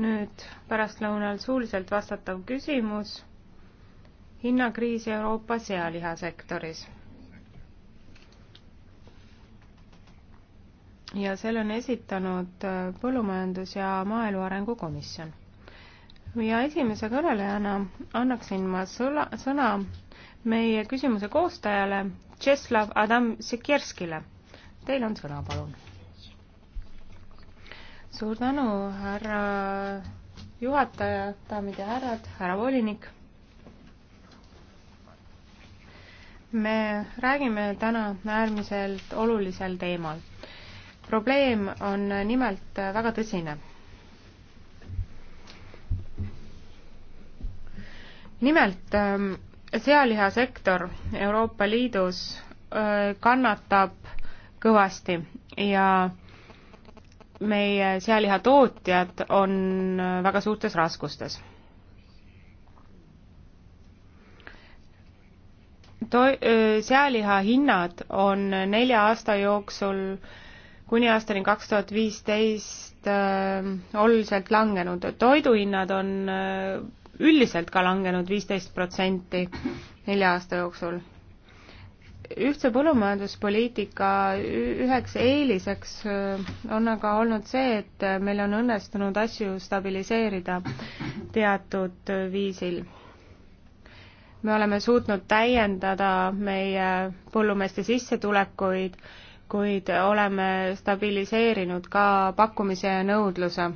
nüüd pärastlõunal suuliselt vastatav küsimus, hinnakriis Euroopa sealihasektoris. ja selle on esitanud äh, Põllumajandus- ja Maaelu Arengu Komisjon. ja esimese kõnelejana annaksin ma sõla, sõna meie küsimuse koostajale, Tšeslav Adam Sikerskile. Teil on sõna, palun suur tänu, härra juhataja, daamid ja härrad, härra volinik. me räägime täna äärmiselt olulisel teemal. probleem on nimelt väga tõsine. nimelt ähm, sealihasektor Euroopa Liidus äh, kannatab kõvasti ja meie sealihatootjad on väga suurtes raskustes. to-, sealiha hinnad on nelja aasta jooksul kuni aastani kaks tuhat viisteist äh, oluliselt langenud, toiduhinnad on äh, üldiselt ka langenud viisteist protsenti nelja aasta jooksul ühtse põllumajanduspoliitika üheks eeliseks äh, on aga olnud see, et äh, meil on õnnestunud asju stabiliseerida teatud äh, viisil. me oleme suutnud täiendada meie põllumeeste sissetulekuid, kuid oleme stabiliseerinud ka pakkumise ja nõudluse.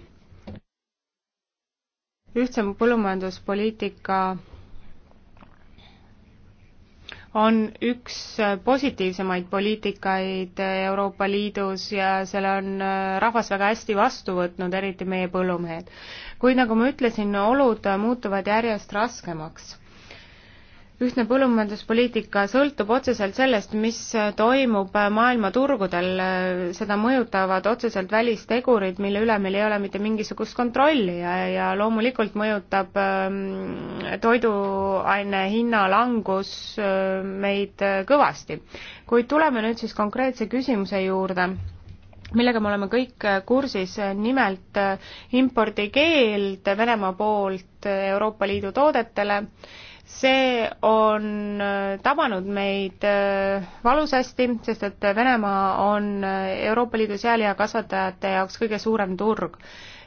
ühtsem põllumajanduspoliitika on üks positiivsemaid poliitikaid Euroopa Liidus ja selle on äh, rahvas väga hästi vastu võtnud, eriti meie põllumehed. kuid nagu ma ütlesin, olud muutuvad järjest raskemaks ühtne põllumajanduspoliitika sõltub otseselt sellest, mis toimub maailmaturgudel, seda mõjutavad otseselt välistegurid, mille üle meil ei ole mitte mingisugust kontrolli ja, ja loomulikult mõjutab ähm, toiduaine hinna langus ähm, meid kõvasti. kuid tuleme nüüd siis konkreetse küsimuse juurde millega me oleme kõik kursis, nimelt äh, impordikeeld Venemaa poolt Euroopa Liidu toodetele see on äh, tabanud meid äh, valusasti, sest et Venemaa on äh, Euroopa Liidu sealiakasvatajate jaoks kõige suurem turg.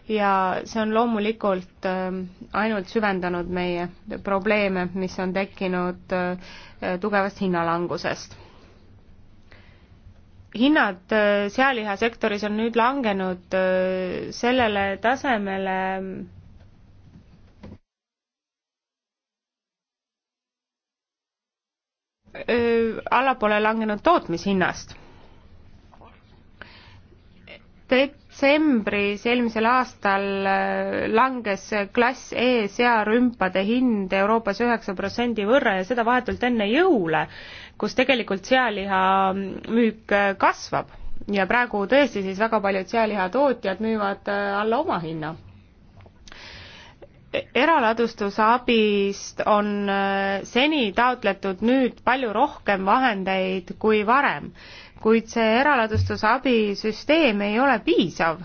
ja see on loomulikult ainult süvendanud meie probleeme, mis on tekkinud tugevast hinnalangusest. hinnad sealihasektoris on nüüd langenud sellele tasemele, allapoole langenud tootmishinnast. detsembris eelmisel aastal langes klass E searümpade hind Euroopas üheksa protsendi võrra ja seda vahetult enne jõule, kus tegelikult sealiha müük kasvab ja praegu tõesti siis väga paljud sealihatootjad müüvad alla omahinna eraladustusabist on äh, seni taotletud nüüd palju rohkem vahendeid kui varem, kuid see eraladstusabi süsteem ei ole piisav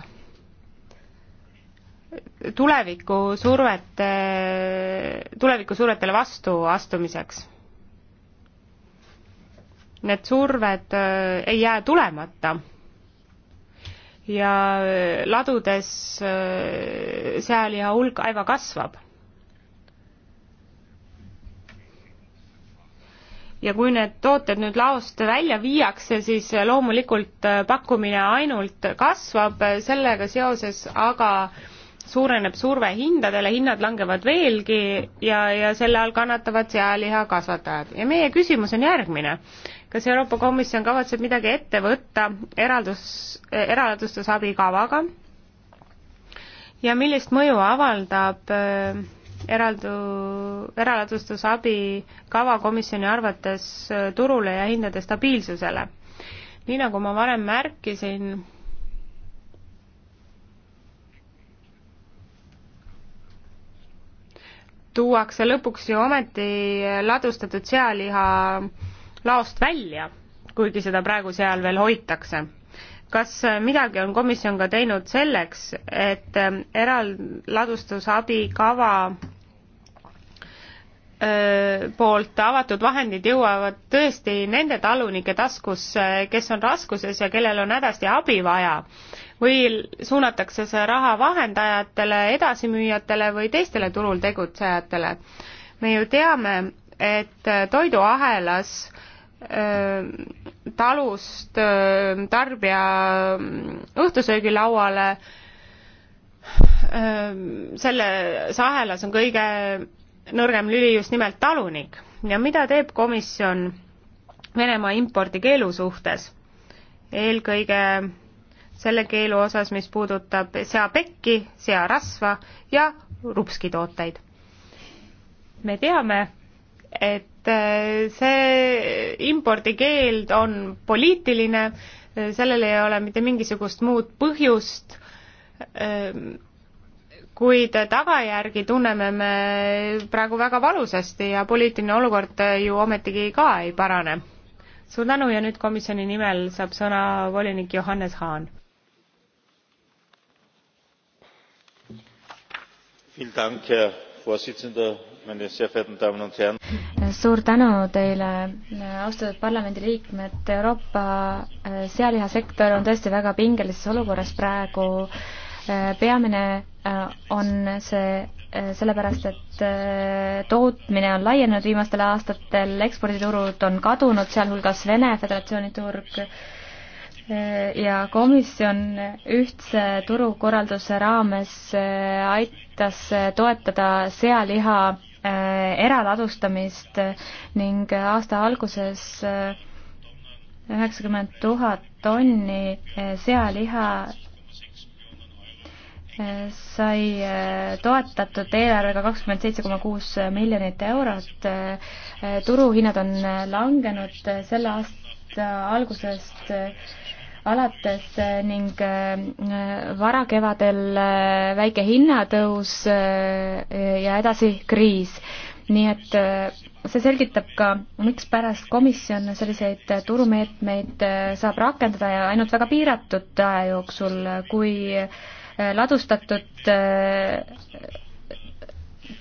tuleviku survete, tuleviku survetele vastu astumiseks. Need surved äh, ei jää tulemata ja äh, ladudes äh, sealiha hulk aega kasvab. ja kui need tooted nüüd laost välja viiakse, siis loomulikult äh, pakkumine ainult kasvab, sellega seoses aga suureneb surve hindadele, hinnad langevad veelgi ja, ja selle all kannatavad sealiha kasvatajad. ja meie küsimus on järgmine kas Euroopa Komisjon kavatseb midagi ette võtta eraldus, eh, eraldustusabikavaga ja millist mõju avaldab eh, eraldu, eraldustusabi kava komisjoni arvates eh, turule ja hindade stabiilsusele? nii nagu ma varem märkisin, tuuakse lõpuks ju ometi ladustatud sealiha laost välja, kuigi seda praegu seal veel hoitakse. kas midagi on komisjon ka teinud selleks, et ähm, eraladustusabi kava äh, poolt avatud vahendid jõuavad tõesti nende talunike taskusse, kes on raskuses ja kellel on hädasti abi vaja või suunatakse see raha vahendajatele, edasimüüjatele või teistele turul tegutsejatele. me ju teame, et äh, toiduahelas Äh, talust äh, tarbija äh, õhtusöögilauale, selles ahelas on kõige nõrgem lüli just nimelt talunik ja mida teeb komisjon Venemaa impordikeelu suhtes? eelkõige selle keelu osas, mis puudutab seapekki, searasva ja rupskitooteid. me teame, et et eh, see impordikeeld on poliitiline, eh, sellel ei ole mitte mingisugust muud põhjust, eh, kuid tagajärgi tunneme me praegu väga valusasti ja poliitiline olukord ju ometigi ka ei parane. suur tänu ja nüüd komisjoni nimel saab sõna volinik Johannes Haan. Vielen Dank, Herr Vorsitzender, suur tänu teile, austatud parlamendiliikmed, Euroopa eh, sealihasektor on tõesti väga pingelises olukorras praegu. Eh, peamine eh, on see sellepärast, et tootmine on laienenud viimastel aastatel, eksporditurud on kadunud, sealhulgas Vene Föderatsiooni turg ja komisjon ühtse turukorralduse raames aitas toetada sealiha Äh, eraladustamist ning aasta alguses äh, üheksakümmend tuhat tonni äh, sealiha sai toetatud eelarvega kakskümmend seitse koma kuus miljonit eurot. turuhinnad on langenud selle aasta algusest alates äh, ning äh, varakevadel äh, väike hinnatõus ja edasi kriis. nii et see selgitab ka, mikspärast komisjon selliseid turumeetmeid saab rakendada ja ainult väga piiratud aja jooksul, kui ladustatud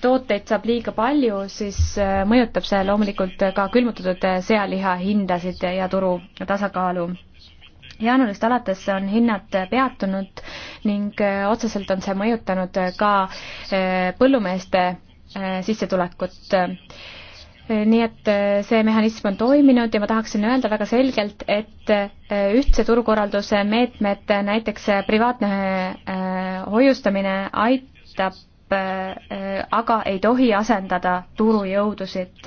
tooteid saab liiga palju, siis mõjutab see loomulikult ka külmutatud sealiha hindasid ja turu tasakaalu jaanuarist alates on hinnad peatunud ning äh, otseselt on see mõjutanud äh, ka äh, põllumeeste sissetulekut. nii et see mehhanism on toiminud ja ma tahaksin öelda väga selgelt, et ühtse turukorralduse meetmed, näiteks privaatne hoiustamine aitab, aga ei tohi asendada turujõudusid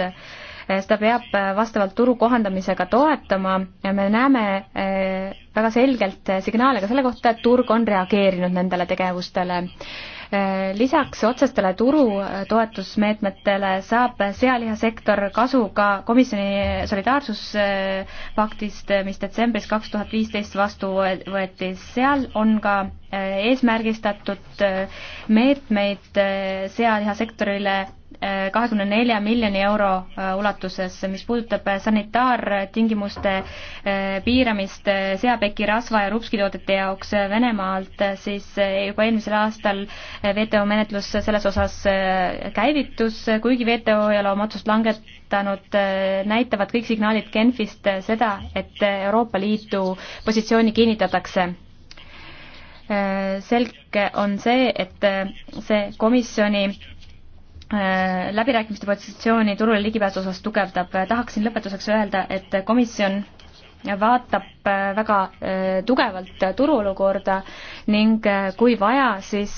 Eh, seda peab eh, vastavalt turu kohandamisega toetama ja me näeme eh, väga selgelt signaale ka selle kohta, et turg on reageerinud nendele tegevustele. lisaks otsestele turu toetusmeetmetele saab sealihasektor kasu ka komisjoni solidaarsuspaktist, mis detsembris kaks tuhat viisteist vastu võeti, seal on ka eesmärgistatud meetmeid sealihasektorile kahekümne nelja miljoni euro äh, ulatuses, mis puudutab äh, sanitaartingimuste äh, piiramist seapeki, rasva ja rupskitoodete jaoks Venemaalt, siis juba eelmisel aastal WTO menetlus selles osas käivitus, kuigi WTO ei ole oma otsust langetanud, näitavad kõik signaalid Genfist seda, et Euroopa Liidu positsiooni kinnitatakse selge on see, et see komisjoni Äh, läbirääkimiste positsiooni turule ligipääsu osas tugevdab. Äh, tahaksin lõpetuseks öelda, et komisjon vaatab äh, väga tugevalt turuolukorda ning kui vaja, siis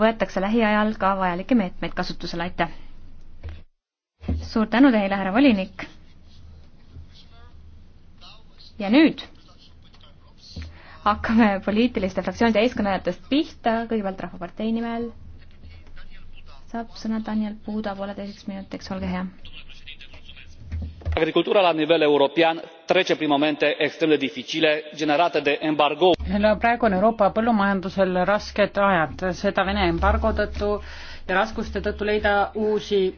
võetakse lähiajal ka vajalikke meetmeid kasutusele, aitäh! suur tänu teile, härra volinik! ja nüüd hakkame poliitiliste fraktsioonide eeskõnelejatest pihta, kõigepealt Rahvapartei nimel saab sõna Daniel Puuda pooleteiseks minutiks, olge hea. agricultura la nivel european trece prin momente extrem de dificile generate de embargo. praegu on Euroopa põllumajandusel rasked ajad, seda Vene embargo tõttu ja raskuste tõttu leida uusi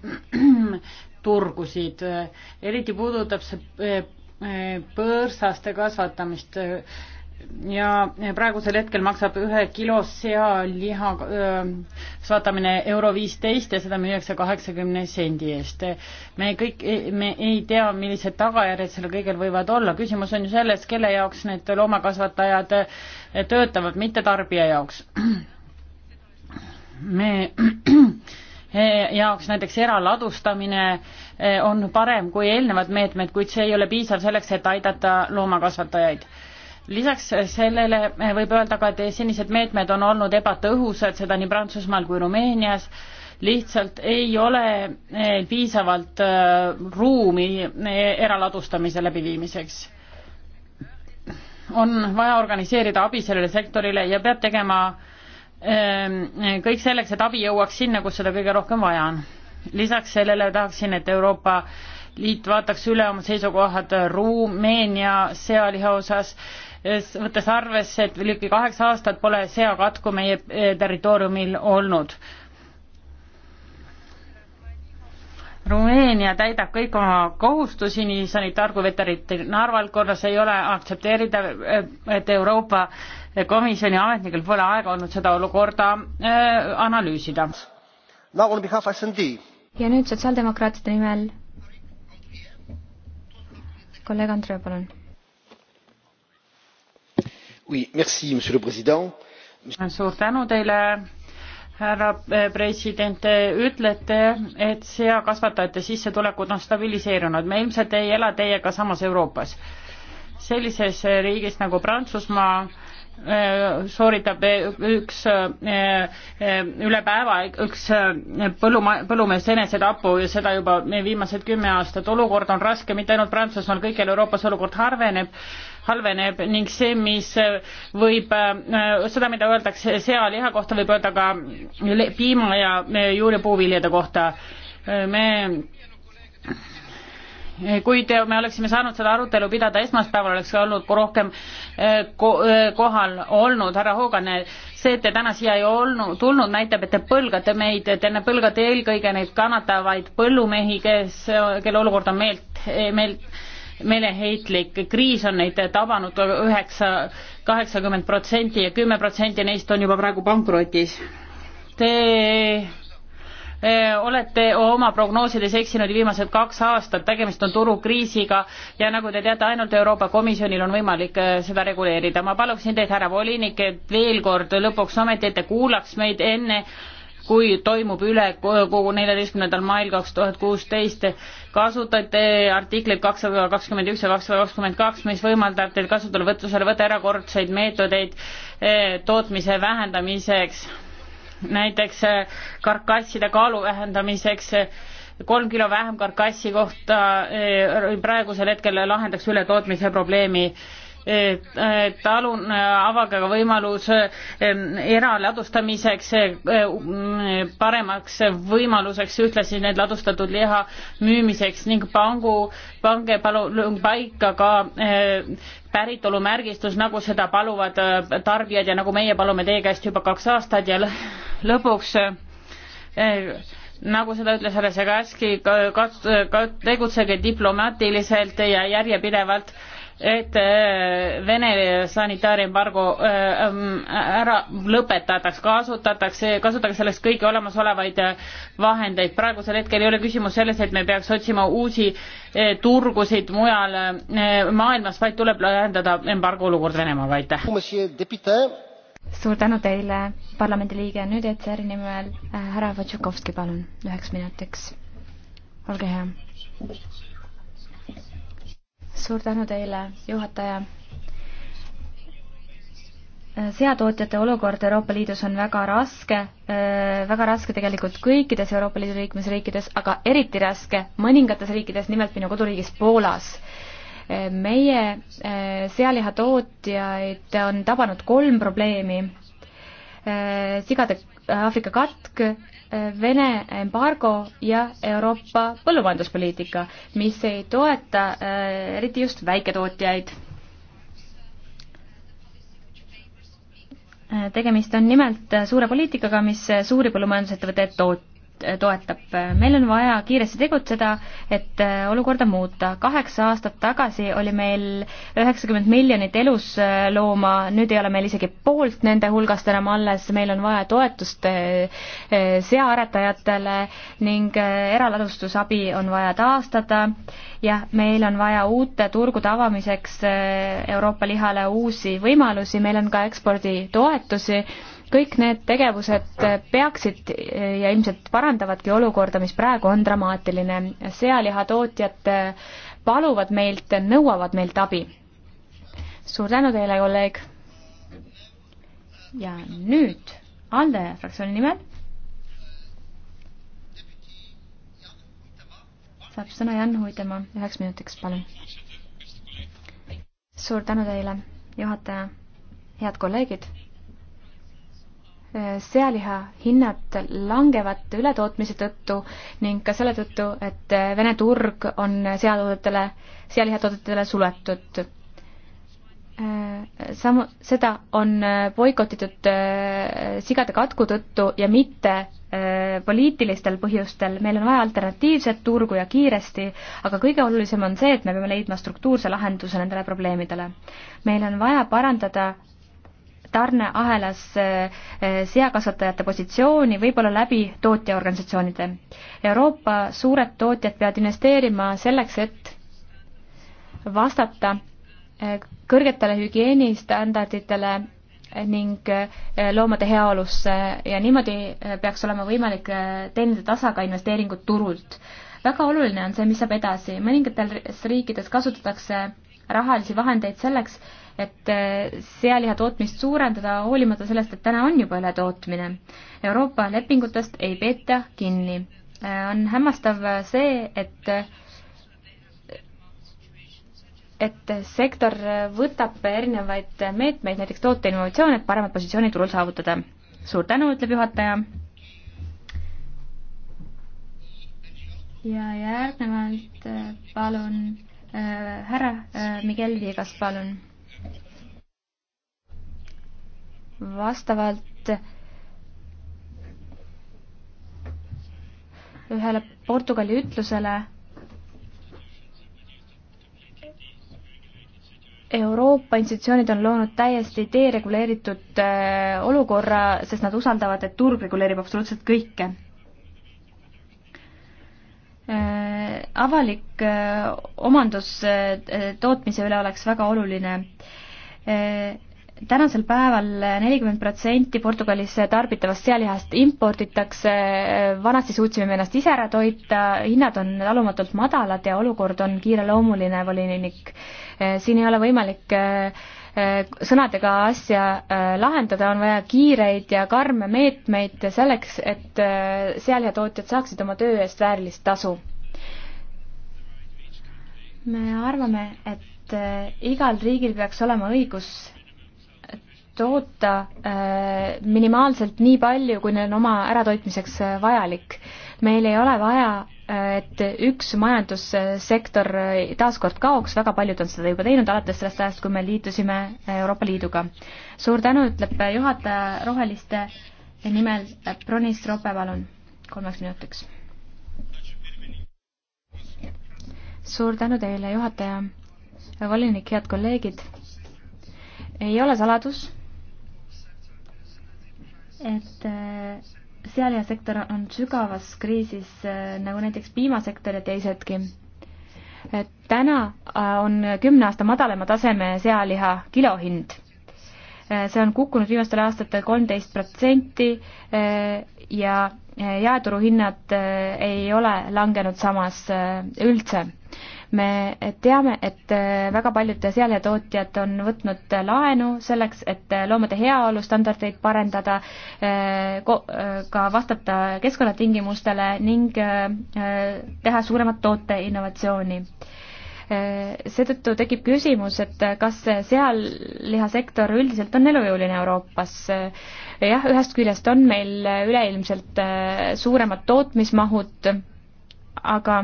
turgusid. eriti puudutab see eh, eh, põõsaste kasvatamist ja praegusel hetkel maksab ühe kilo sealiha soetamine euro viisteist ja seda müüakse kaheksakümne sendi eest. me kõik, me ei tea, millised tagajärjed sellel kõigel võivad olla, küsimus on ju selles, kelle jaoks need loomakasvatajad töötavad, mitte tarbija jaoks. me e, jaoks näiteks eraladustamine e, on parem kui eelnevad meetmed, kuid see ei ole piisav selleks, et aidata loomakasvatajaid lisaks sellele eh, võib öelda ka, et senised meetmed on olnud ebatõhusad, seda nii Prantsusmaal kui Rumeenias, lihtsalt ei ole eh, piisavalt eh, ruumi eraladustamise läbiviimiseks. on vaja organiseerida abi sellele sektorile ja peab tegema kõik selleks, et abi jõuaks sinna, kus seda kõige rohkem vaja on. lisaks sellele tahaksin, et Euroopa Liit vaataks üle oma seisukohad Rumeenia sealiha osas võttes arvesse, et ligi kaheksa aastat pole seakatku meie eh, territooriumil olnud. Rumeenia täidab kõik oma kohustusi nii sanitaar- kui veterinaarvaldkonnas, ei ole aktsepteerida, eh, et Euroopa Komisjoni ametnikel pole aega olnud seda olukorda eh, analüüsida. ja nüüd sotsiaaldemokraatide nimel kolleeg Andrea, palun suur tänu teile, härra president, te ütlete, et seakasvatajate sissetulekud on stabiliseerunud, me ilmselt ei ela teiega samas Euroopas. sellises riigis nagu Prantsusmaa Äh, sooritab üks äh, äh, üle päeva üks põlluma-, põllumees enesetapu ja seda juba viimased kümme aastat. olukord on raske mitte ainult Prantsusmaal, kõikjal Euroopas olukord harveneb, halveneb ning see, mis võib, seda, mida öeldakse sealiha kohta, võib öelda ka piima ja juuripuu viljade kohta. me kuid me oleksime saanud seda arutelu pidada esmaspäeval, oleks olnud rohkem eh, eh, kohal olnud. härra Hoogan, see, et te täna siia ei olnud, tulnud, näitab, et te põlgate meid, te põlgate eelkõige neid kannatavaid põllumehi, kes, kelle olukord on meelt, meelt meeleheitlik, kriis on neid tabanud üheksa, kaheksakümmend protsenti ja kümme protsenti neist on juba praegu pankrotis. Te olete oma prognoosides eksinud viimased kaks aastat, tegemist on turukriisiga ja nagu te teate, ainult Euroopa Komisjonil on võimalik seda reguleerida. ma paluksin teid, härra volinik, et veel kord lõpuks ometi, et te kuulaks meid enne kui toimub ülekogu neljateistkümnendal mail kaks tuhat kuusteist, kasutate artikleid kakssada kakskümmend üks ja kakssada kakskümmend kaks, mis võimaldab teil kasutusele võtlusele võtta erakordseid meetodeid tootmise vähendamiseks näiteks äh, karkasside kaalu vähendamiseks äh, kolm kilo vähem karkassi kohta äh, praegusel hetkel lahendaks ületootmise probleemi talun, äh, avage ka võimalus ähm, eraladustamiseks, äh, äh, paremaks võimaluseks ühtlasi need ladustatud liha müümiseks ning pangu, pange palun paika ka päritolumärgistus, nagu seda paluvad tarbijad ja nagu meie palume teie käest juba kaks aastat ja lõpuks nagu seda ütles härra Segaski, tegutsege diplomaatiliselt ja järjepidevalt et äh, Vene sanitaarimbargo äh, ähm, ära lõpetataks, kasutatakse, kasutatakse selleks kõiki olemasolevaid äh, vahendeid. praegusel hetkel ei ole küsimus selles, et me peaks otsima uusi turgusid mujal maailmas, vaid tuleb lahendada embargo olukord Venemaaga, aitäh. suur tänu teile, parlamendiliige, nüüd ETR-i nimel härra Vatšakovski, palun, üheks minutiks. olge hea suur tänu teile, juhataja. seatootjate olukord Euroopa Liidus on väga raske, äh, väga raske tegelikult kõikides Euroopa Liidu liikmesriikides, aga eriti raske mõningates riikides, nimelt minu koduriigis Poolas äh, meie äh, sealihatootjaid on tabanud kolm probleemi. sigade Aafrika katk, Vene embargo ja Euroopa põllumajanduspoliitika, mis ei toeta äh, eriti just väiketootjaid. Äh, tegemist on nimelt äh, suure poliitikaga, mis suuri põllumajandusettevõtteid toot-, toetab. meil on vaja kiiresti tegutseda, et äh, olukorda muuta. kaheksa aastat tagasi oli meil üheksakümmend miljonit eluslooma, äh, nüüd ei ole meil isegi poolt nende hulgast enam alles, meil on vaja toetust äh, seaaretajatele ning eraladustusabi on vaja taastada ja meil on vaja uute turgude avamiseks Euroopa lihale uusi võimalusi, meil on ka eksporditoetusi kõik need tegevused peaksid ja ilmselt parandavadki olukorda, mis praegu on dramaatiline. sealihatootjad paluvad meilt, nõuavad meilt abi. suur tänu teile, kolleeg. ja nüüd ALDE fraktsiooni nimel saab sõna Jan Huidema üheks minutiks, palun. suur tänu teile, juhataja, head kolleegid sealiha hinnad langevad ületootmise tõttu ning ka selle tõttu, et Vene turg on seatoodetele, sealihatoodetele suletud. Äh, samu-, seda on äh, boikotitud äh, sigade katku tõttu ja mitte poliitilistel põhjustel, meil on vaja alternatiivset turgu ja kiiresti, aga kõige olulisem on see, et me peame leidma struktuurse lahenduse nendele probleemidele. meil on vaja parandada tarneahelas eh, seakasvatajate positsiooni võib-olla läbi tootjaorganisatsioonide. Euroopa suured tootjad peavad investeerima selleks, et vastata eh, kõrgetele hügieenistandarditele ning eh, loomade heaolusse ja niimoodi peaks olema võimalik teenida tasaga investeeringud turult. väga oluline on see, mis saab edasi, mõningates riikides kasutatakse rahalisi vahendeid selleks, et äh, sealiha tootmist suurendada, hoolimata sellest, et täna on juba ületootmine. Euroopa lepingutest ei peeta kinni. Äh, on hämmastav see, et et sektor võtab erinevaid meetmeid, näiteks toote innovatsioon, et paremat positsiooni turul saavutada. suur tänu, ütleb juhataja. ja järgnevalt äh, palun härra Miguel Viegas, palun vastavalt ühele Portugali ütlusele Euroopa institutsioonid on loonud täiesti dereguleeritud äh, olukorra, sest nad usaldavad, et turg reguleerib absoluutselt kõike. Äh, avalik äh, omandus tootmise üle oleks väga oluline tänasel päeval nelikümmend protsenti Portugalis tarbitavast sealihast imporditakse, vanasti suutsime me ennast ise ära toita, hinnad on talumatult madalad ja olukord on kiireloomuline, volinik. siin ei ole võimalik eh, sõnadega asja eh, lahendada, on vaja kiireid ja karme meetmeid selleks, et eh, sealihatootjad saaksid oma töö eest väärilist tasu. me arvame, et igal riigil peaks olema õigus toota äh, minimaalselt nii palju, kui neil on oma äratoitmiseks äh, vajalik. meil ei ole vaja, äh, et üks majandussektor taaskord kaoks, väga paljud on seda juba teinud alates sellest ajast, kui me liitusime Euroopa Liiduga. suur tänu, ütleb juhataja Roheliste nimel Bronis Rope, palun, kolmeks minutiks. suur tänu teile, juhataja, volinik, head kolleegid ei ole saladus, et äh, sealihasektor on sügavas kriisis, äh, nagu näiteks piimasektor ja teisedki. täna äh, on kümne aasta madalama taseme sealiha kilohind. see on kukkunud viimastel aastatel kolmteist protsenti ja jaeturuhinnad ei ole langenud samas üldse me teame, et äh, väga paljud sealetootjad on võtnud laenu selleks, et äh, loomade heaolu standardeid parendada, äh, ka vastata keskkonnatingimustele ning teha suuremat tooteinnovatsiooni seetõttu tekib küsimus, et kas sealihasektor üldiselt on elujõuline Euroopas. jah, ühest küljest on meil üleilmselt suuremad tootmismahud, aga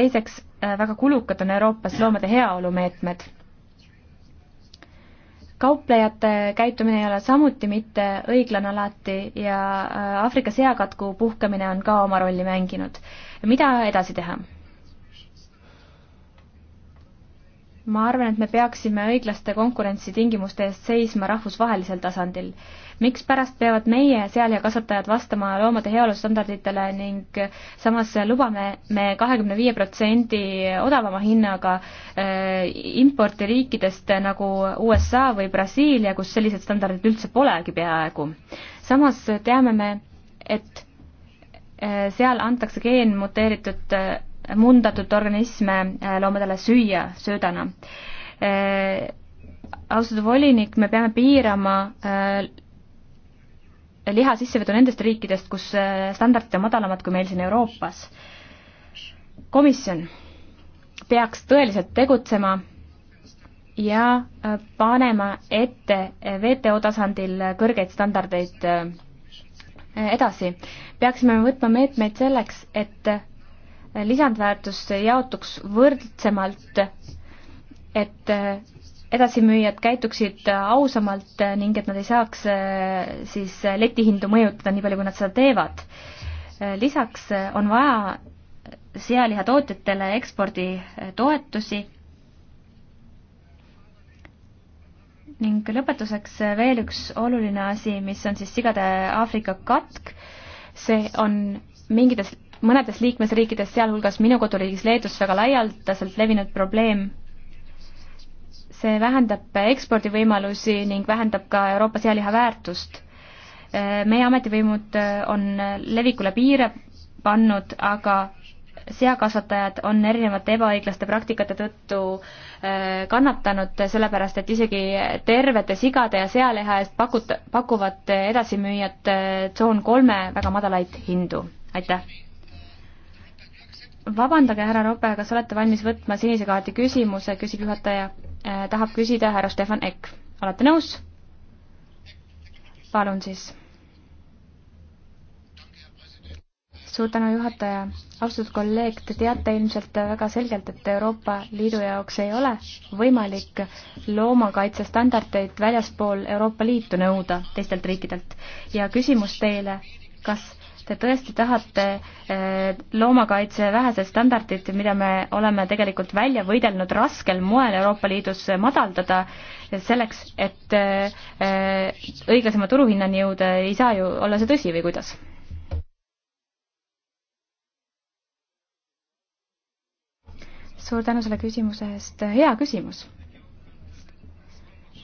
teiseks Äh, väga kulukad on Euroopas loomade heaolu meetmed. kauplejate käitumine ei ole samuti mitte õiglane alati ja äh, Aafrika seakatku puhkemine on ka oma rolli mänginud. mida edasi teha? ma arvan, et me peaksime õiglaste konkurentsitingimuste eest seisma rahvusvahelisel tasandil mikspärast peavad meie sealiakasvatajad vastama loomade heaolu standarditele ning samas lubame me kahekümne viie protsendi odavama hinnaga äh, importi riikidest nagu USA või Brasiilia, kus sellised standardid üldse polegi peaaegu. samas teame me, et äh, seal antakse geenmuteeritud äh, mundatud organisme loomadele süüa söödana. austatud volinik, me peame piirama liha sissevedu nendest riikidest, kus äh, standardid on madalamad kui meil siin Euroopas. komisjon peaks tõeliselt tegutsema ja äh, panema ette WTO tasandil kõrgeid standardeid äh, edasi. peaksime võtma meetmeid selleks, et lisandväärtus jaotuks võrdsemalt, et edasimüüjad käituksid ausamalt ning et nad ei saaks äh, siis äh, letihindu mõjutada nii palju, kui nad seda teevad. Äh, lisaks on vaja sealihatootjatele eksporditoetusi ning lõpetuseks veel üks oluline asi, mis on siis sigade Aafrika katk, see on mingites, mõnedes liikmesriikides, sealhulgas minu koduriigis Leedus väga laialdaselt levinud probleem see vähendab ekspordivõimalusi ning vähendab ka Euroopa sealiha väärtust. meie ametivõimud äh, on levikule piire pannud, aga seakasvatajad on erinevate ebaõiglaste praktikate tõttu äh, kannatanud, sellepärast et isegi tervete sigade ja sealeha eest pakut-, pakuvad edasimüüjad äh, tsoon kolme väga madalaid hindu. aitäh! vabandage, härra Rope, kas olete valmis võtma sinise kaardi küsimuse, küsib juhataja Äh, tahab küsida härra Stefan Ekk. olete nõus? palun siis. suur tänu, juhataja. austatud kolleeg, te teate ilmselt väga selgelt, et Euroopa Liidu jaoks ei ole võimalik loomakaitsestandardeid väljaspool Euroopa Liitu nõuda teistelt riikidelt. ja küsimus teile, kas te tõesti tahate eh, loomakaitse vähese standardit, mida me oleme tegelikult välja võidelnud raskel moel Euroopa Liidus madaldada, selleks, et eh, õiglasema turuhinnani jõuda, ei saa ju olla see tõsi või kuidas? suur tänu selle küsimuse eest, hea küsimus.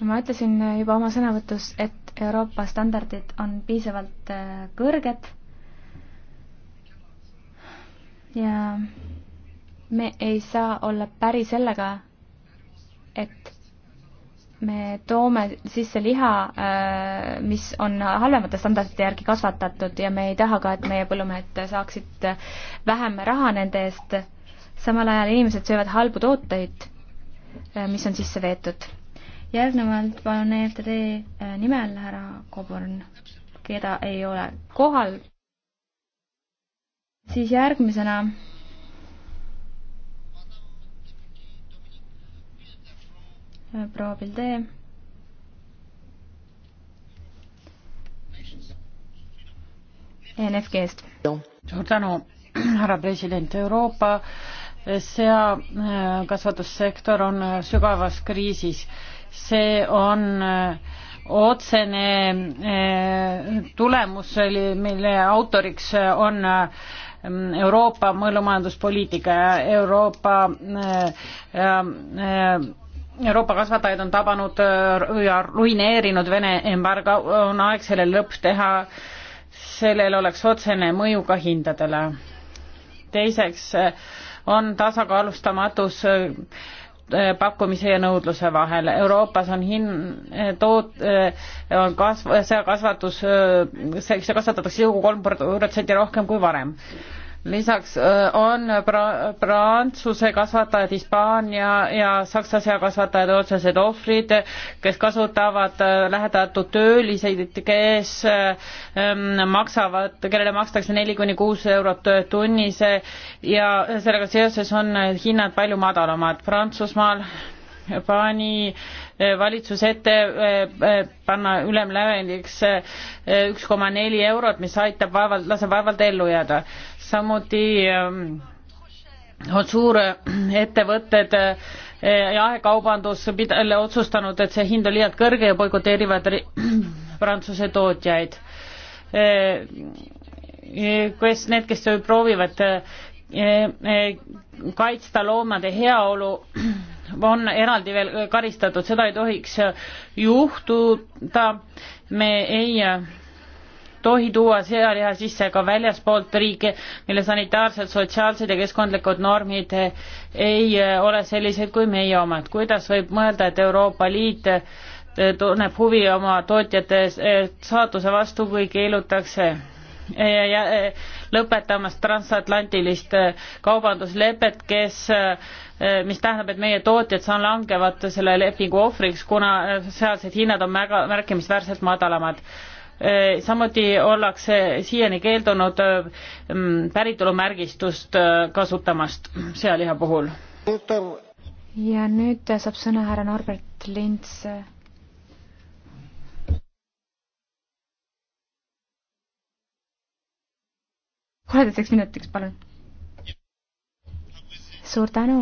ma ütlesin juba oma sõnavõtus, et Euroopa standardid on piisavalt eh, kõrged ja me ei saa olla päri sellega, et me toome sisse liha, äh, mis on halvemate standardite järgi kasvatatud ja me ei taha ka, et meie põllumehed saaksid vähem raha nende eest. samal ajal inimesed söövad halbu tooteid, äh, mis on sisse veetud. järgnevalt palun EFTD äh, nimel härra Koborn, keda ei ole kohal siis järgmisena proua Pilde. ENFG-st. suur tänu, härra president, Euroopa seakasvatussektor on sügavas kriisis. see on eh, otsene eh, tulemus, mille autoriks on eh, Ehm, Euroopa põllumajanduspoliitika ja Euroopa ehm, ehm, Euroopa kasvatajaid on tabanud ja ruineerinud Vene embargo, on aeg sellele lõpp teha, sellel oleks otsene mõju ka hindadele. teiseks on tasakaalustamatus Eh, pakkumise ja nõudluse vahel. Euroopas on hin-, eh, toot-, eh, on kasv, seakasvatus, see, see kasvatatakse juhu kolm protsenti rohkem kui varem lisaks on pra-, Prantsuse kasvatajad, Hispaania ja Saksa seakasvatajad otsesed ohvrid, kes kasutavad lähedatud tööliseid, kes maksavad, kellele makstakse neli kuni kuus eurot tunnis ja sellega seoses on hinnad palju madalamad. Prantsusmaal pani eh, valitsus ette eh, eh, panna ülemlävendiks üks koma neli eurot, mis aitab vaevalt, laseb vaevalt ellu jääda. samuti on suurettevõtted jaekaubandus pidale otsustanud, et see hind on liialt kõrge ja boikoteerivad Prantsuse tootjaid. kes need, kes proovivad Eh, eh, kaitsta loomade heaolu on eraldi veel karistatud, seda ei tohiks juhtuda. me ei tohi tuua sealiha sisse ka väljaspoolt riike, mille sanitaarsed, sotsiaalsed ja keskkondlikud normid ei ole sellised kui meie omad. kuidas võib mõelda, et Euroopa Liit tunneb huvi oma tootjate saatuse vastu, kui keelutakse Eh, lõpetamas transatlantilist eh, kaubanduslepet, kes, eh, mis tähendab, et meie tootjad langevad selle lepingu ohvriks, kuna sealsed hinnad on väga märkimisväärselt madalamad samuti ollakse siiani keeldunud mm, päritolumärgistust kasutamast sealiha puhul. ja nüüd saab sõna härra Norbert Lints kolmeteiseks minutiks, palun. suur tänu,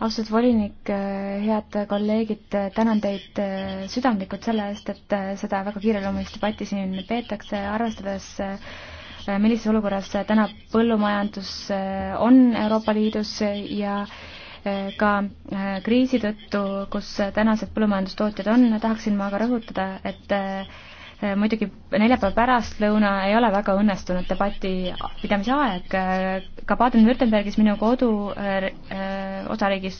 austatud volinik, eh, head kolleegid, eh, tänan teid eh, südamlikult selle eest, et seda väga kiireloomulist debatti siin peetakse, arvestades millises olukorras täna põllumajandus on Euroopa Liidus ja ka kriisi tõttu, kus tänased põllumajandustootjad on, tahaksin ma aga rõhutada, et Äh, muidugi neljapäeva pärastlõuna ei ole väga õnnestunud debati pidamise aeg. Äh, ka Baden-Württembergis, minu kodu äh, osariigis,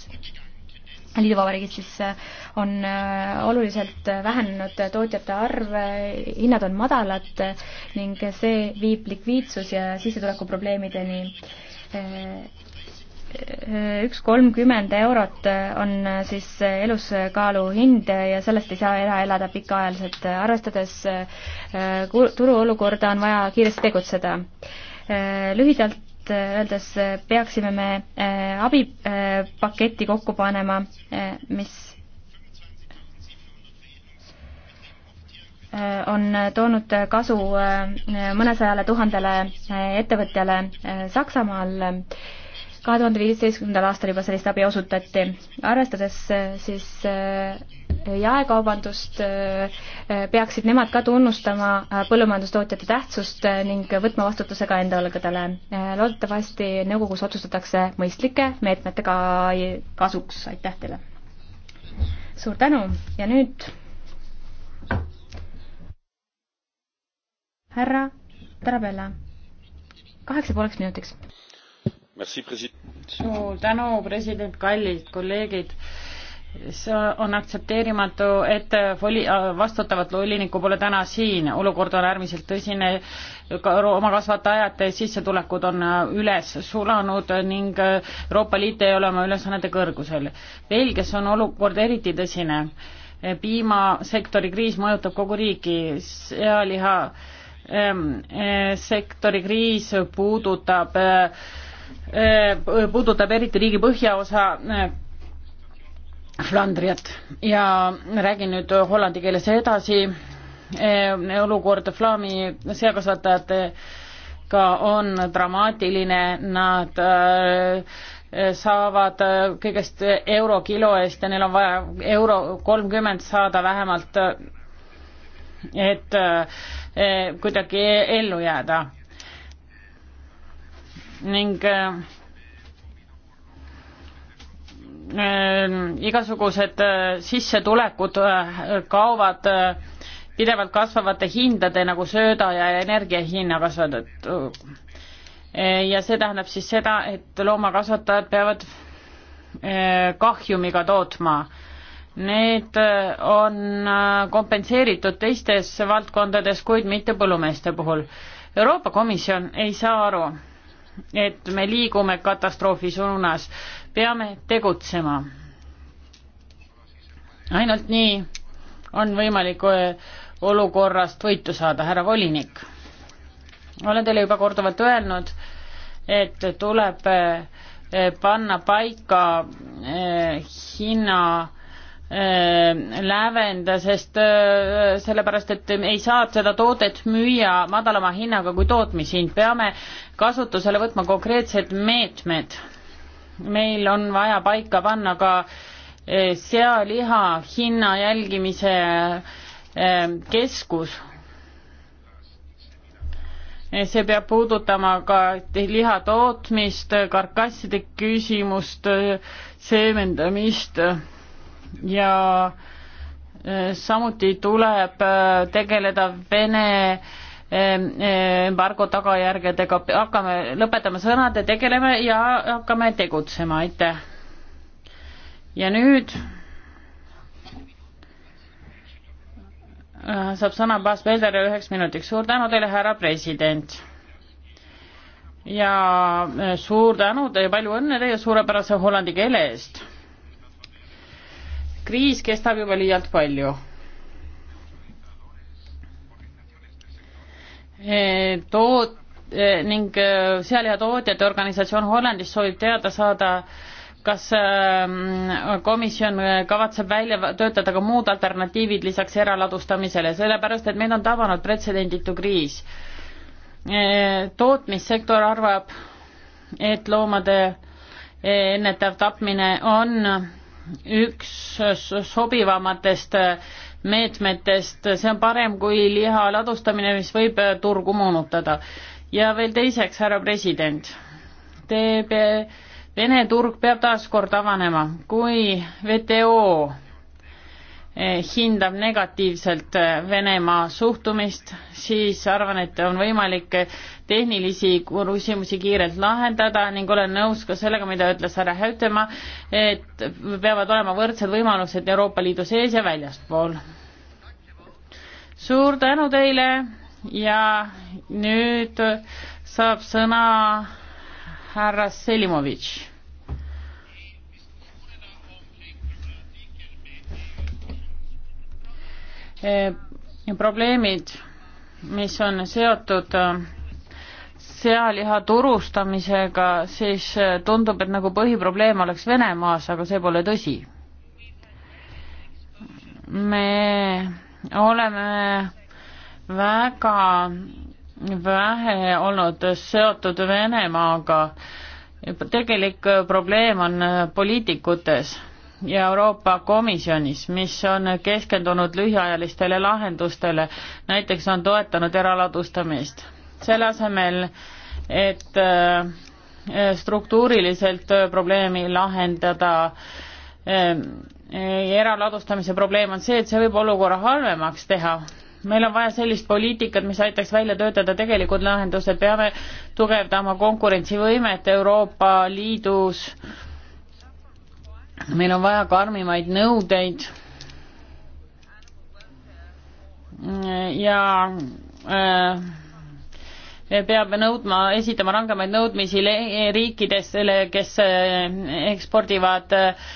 liiduvabariigis siis, on oluliselt vähenenud tootjate arv, hinnad on madalad ning see viib likviidsus ja sissetulekuprobleemideni üks kolmkümmend eurot on äh, siis äh, eluskaalu hind ja sellest ei saa ära elada pikaajaliselt. arvestades äh, turuolukorda, on vaja kiiresti tegutseda. lühidalt öeldes peaksime me abipaketi kokku panema, mis on toonud kasu mõnesajale tuhandele ettevõtjale Saksamaal kahe tuhande viieteistkümnendal aastal juba sellist abi osutati. arvestades äh, siis äh, jaekaubandust, äh, peaksid nemad ka tunnustama põllumajandustootjate tähtsust ning võtma vastutuse ka enda õlgadele. loodetavasti nõukogus otsustatakse mõistlike meetmete ka kasuks, aitäh teile! suur tänu ja nüüd härra Tarabella, kaheksa pooleks minutiks suur tänu, president, kallid kolleegid. see on aktsepteerimatu, et voli-, vastutavat volinikku pole täna siin, olukord on äärmiselt tõsine, oma kasvatajate sissetulekud on üles sulanud ning Euroopa Liit ei ole oma ülesannete kõrgusel. Belgias on olukord eriti tõsine. piimasektori kriis mõjutab kogu riiki, sealiha ehm, ehm, sektori kriis puudutab äh, Äh, puudutab eriti riigi põhjaosa äh, Flandriat ja räägin nüüd hollandi keeles edasi. Äh, olukord flaami seakasvatajatega on dramaatiline, nad saavad kõigest euro kilo eest ja neil on vaja euro kolmkümmend saada vähemalt, et kuidagi ellu jääda ning äh, äh, igasugused äh, sissetulekud äh, kaovad äh, pidevalt kasvavate hindade nagu sööda ja energia hinna kasvatatud. Äh, ja see tähendab siis seda, et loomakasvatajad peavad kahjumiga tootma. Need on kompenseeritud teistes valdkondades, kuid mitte põllumeeste puhul. Euroopa Komisjon ei saa aru, et me liigume katastroofi suunas, peame tegutsema. ainult nii on võimalik olukorrast võitu saada, härra volinik. olen teile juba korduvalt öelnud, et tuleb panna paika hinna Äh, lävenda, sest äh, sellepärast, et ei saa seda toodet müüa madalama hinnaga kui tootmishind, peame kasutusele võtma konkreetsed meetmed. meil on vaja paika panna ka äh, sealiha hinna jälgimise keskus. see peab puudutama ka liha tootmist, karkasside küsimust, seemendamist ja äh, samuti tuleb äh, tegeleda Vene ähm, äh, embargo tagajärgedega, hakkame, lõpetame sõnade, tegeleme ja hakkame tegutsema, aitäh. ja nüüd saab sõna Bas Veldere üheks minutiks, suur tänu teile, härra president. ja suur tänu teile, palju õnne teie suurepärase hollandi keele eest kriis kestab juba liialt palju. E, toot- e, ning e, sealihatootjate organisatsioon Hollandis soovib teada saada, kas mm, komisjon kavatseb välja töötada ka muud alternatiivid lisaks eraladustamisele, sellepärast et meid on tabanud pretsedenditu kriis. tootmissektor arvab, et loomade ennetav tapmine on üks sobivamatest meetmetest, see on parem kui liha ladustamine, mis võib turgu moonutada. ja veel teiseks, härra president, te, Vene turg peab taas kord avanema, kui WTO Eh, hindab negatiivselt eh, Venemaa suhtumist, siis arvan, et on võimalik eh, tehnilisi küsimusi kiirelt lahendada ning olen nõus ka sellega, mida ütles härra Häütemaa, et peavad olema võrdsed võimalused Euroopa Liidu sees ja väljaspool. suur tänu teile ja nüüd saab sõna härra Selimovitš Eh, probleemid, mis on seotud eh, sealiha turustamisega, siis eh, tundub, et nagu põhiprobleem oleks Venemaas, aga see pole tõsi. me oleme väga vähe olnud seotud Venemaaga. tegelik probleem on poliitikutes ja Euroopa Komisjonis, mis on keskendunud lühiajalistele lahendustele, näiteks on toetanud eraladustamist. selle asemel, et äh, struktuuriliselt probleemi lahendada, äh, eraladustamise probleem on see, et see võib olukorra halvemaks teha meil on vaja sellist poliitikat, mis aitaks välja töötada tegelikud lahendused, peame tugevdama konkurentsivõimet Euroopa Liidus äh, meil on vaja karmimaid nõudeid ja äh, peab nõudma, esitama rangemaid nõudmisi riikidele, kes äh, ekspordivad äh,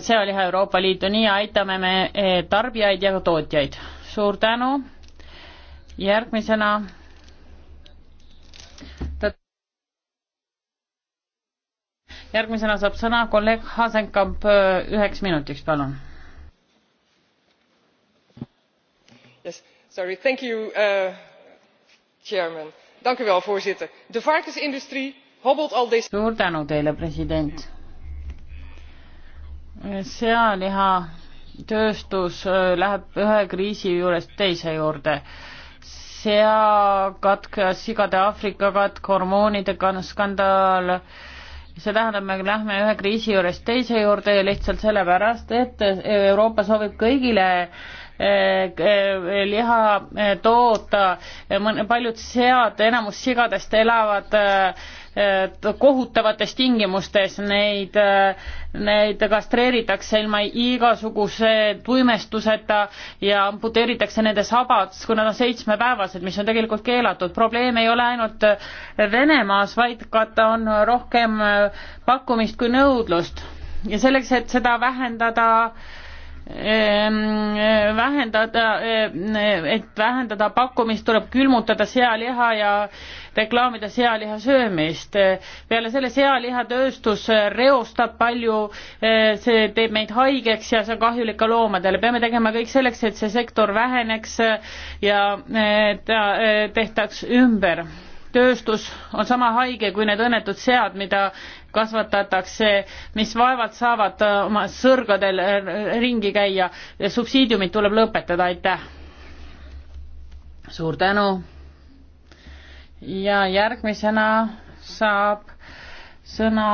sealiha Euroopa Liitu, nii aitame me äh, tarbijaid ja ka tootjaid. suur tänu, järgmisena järgmisena saab sõna kolleeg Hasenkamp äh, üheks minutiks, palun yes,. You, uh, well, voorzitter de varkensindustrie hobbelt al deze. suur tänu teile president sealihatööstus äh, läheb ühe kriisi juurest teise juurde seakatk sigade aafrika katk hormoonide skandaal see tähendab, me lähme ühe kriisi juurest teise juurde ja lihtsalt sellepärast, et Euroopa soovib kõigile eh, liha eh, toota, paljud sead, enamus sigadest elavad eh, kohutavates tingimustes, neid, neid kastreeritakse ilma igasuguse tuimestuseta ja amputeeritakse nende sabad, kui nad on seitsmepäevased, mis on tegelikult keelatud. probleem ei ole ainult Venemaas, vaid ka ta on rohkem pakkumist kui nõudlust ja selleks, et seda vähendada, Ehm, ehm, vähendada, ehm, et vähendada pakkumist, tuleb külmutada sealiha ja reklaamida sealiha söömist. peale selle sealihatööstus reostab palju, see teeb meid haigeks ja see on kahjulik ka loomadele. peame tegema kõik selleks, et see sektor väheneks ja ta tehtaks ümber tööstus on sama haige kui need õnnetud sead, mida kasvatatakse, mis vaevalt saavad äh, oma sõrgadel äh, ringi käia. subsiidiumid tuleb lõpetada, aitäh. suur tänu. ja järgmisena saab sõna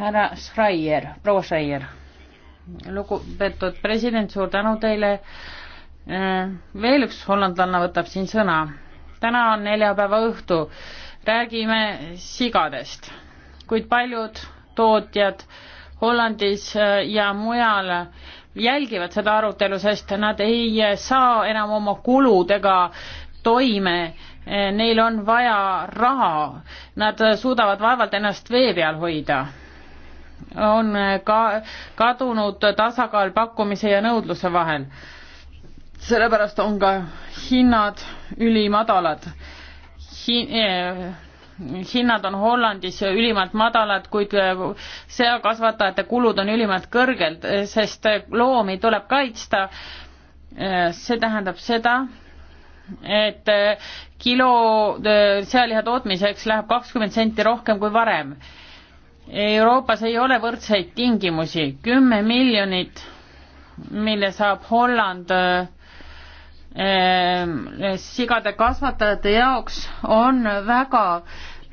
härra Schreier, proua Schreier. lugupeetud president, suur tänu teile. Äh, veel üks hollandlanna võtab siin sõna täna on neljapäeva õhtu, räägime sigadest, kuid paljud tootjad Hollandis äh, ja mujal jälgivad seda arutelu, sest nad ei äh, saa enam oma kuludega toime. Äh, neil on vaja raha, nad suudavad vaevalt ennast vee peal hoida. on ka kadunud tasakaal pakkumise ja nõudluse vahel. sellepärast on ka hinnad ülimadalad Hi. Eh, hinnad on Hollandis ülimalt madalad, kuid eh, seakasvatajate kulud on ülimalt kõrged, eh, sest loomi tuleb kaitsta. see tähendab seda, et kilo sealiha tootmiseks läheb kakskümmend senti rohkem kui varem. Euroopas ei ole võrdseid tingimusi, kümme miljonit, mille saab Holland Ehm, sigade kasvatajate jaoks on väga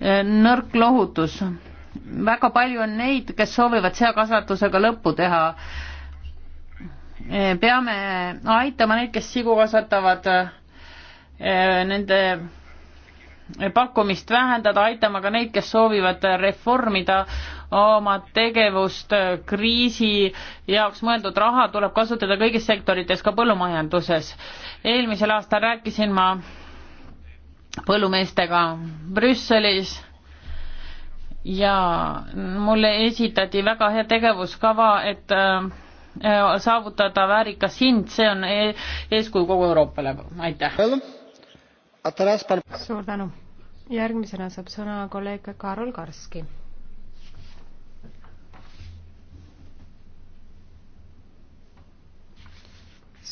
eh, nõrk lohutus. väga palju on neid, kes soovivad seakasvatusega lõppu teha. Ehm, peame aitama neid, kes sigu kasvatavad, eh, nende pakkumist vähendada, aitama ka neid, kes soovivad reformida oma tegevust kriisi jaoks mõeldud raha tuleb kasutada kõigis sektorites, ka põllumajanduses. eelmisel aastal rääkisin ma põllumeestega Brüsselis ja mulle esitati väga hea tegevuskava, et äh, saavutada väärikas hind, see on e-, eeskuju kogu Euroopale, aitäh. suur tänu. järgmisena saab sõna kolleeg Karol Karski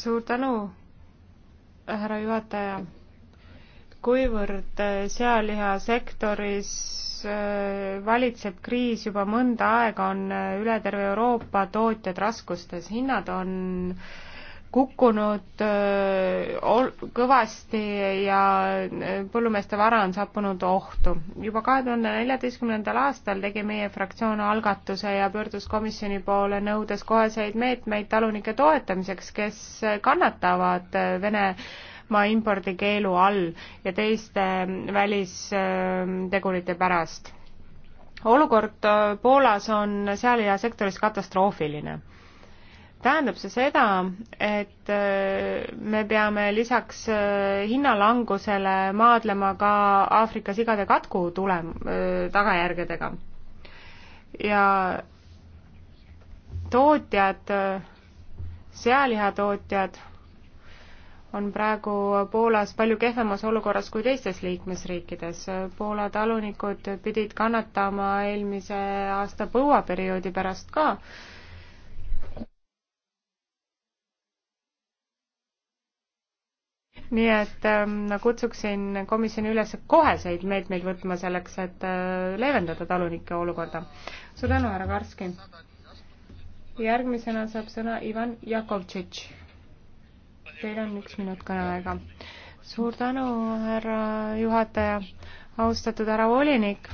suur tänu, härra juhataja. kuivõrd äh, sealihasektoris äh, valitseb kriis juba mõnda aega, on äh, üle terve Euroopa tootjad raskustes, hinnad on äh, kukkunud kõvasti ja põllumeeste vara on sattunud ohtu. juba kahe tuhande neljateistkümnendal aastal tegi meie fraktsioon algatuse ja pöördus komisjoni poole, nõudes koheseid meetmeid talunike toetamiseks, kes kannatavad Venemaa impordikeelu all ja teiste välistegurite pärast. olukord Poolas on sealihasektoris katastroofiline tähendab see seda, et äh, me peame lisaks äh, hinnalangusele maadlema ka Aafrika sigade katku tulem-, äh, tagajärgedega. ja tootjad, sealihatootjad on praegu Poolas palju kehvemas olukorras kui teistes liikmesriikides. Poola talunikud pidid kannatama eelmise aasta põuaperioodi pärast ka nii et ähm, ma kutsuksin komisjoni üles koheseid meetmeid võtma selleks, et äh, leevendada talunike olukorda. suur tänu, härra Karski. järgmisena saab sõna Ivan Jakovtšitš. Teil on üks minut kõneaega. suur tänu, härra juhataja, austatud härra volinik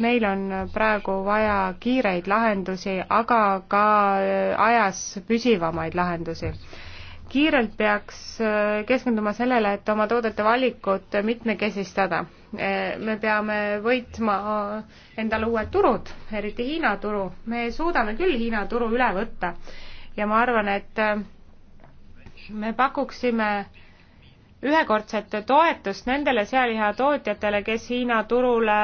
meil on praegu vaja kiireid lahendusi, aga ka äh, ajas püsivamaid lahendusi kiirelt peaks äh, keskenduma sellele, et oma toodete valikut mitmekesistada. Äh, me peame võitma äh, endale uued turud, eriti Hiina turu. me suudame küll Hiina turu üle võtta ja ma arvan, et me pakuksime ühekordset toetust nendele sealihatootjatele, kes Hiina turule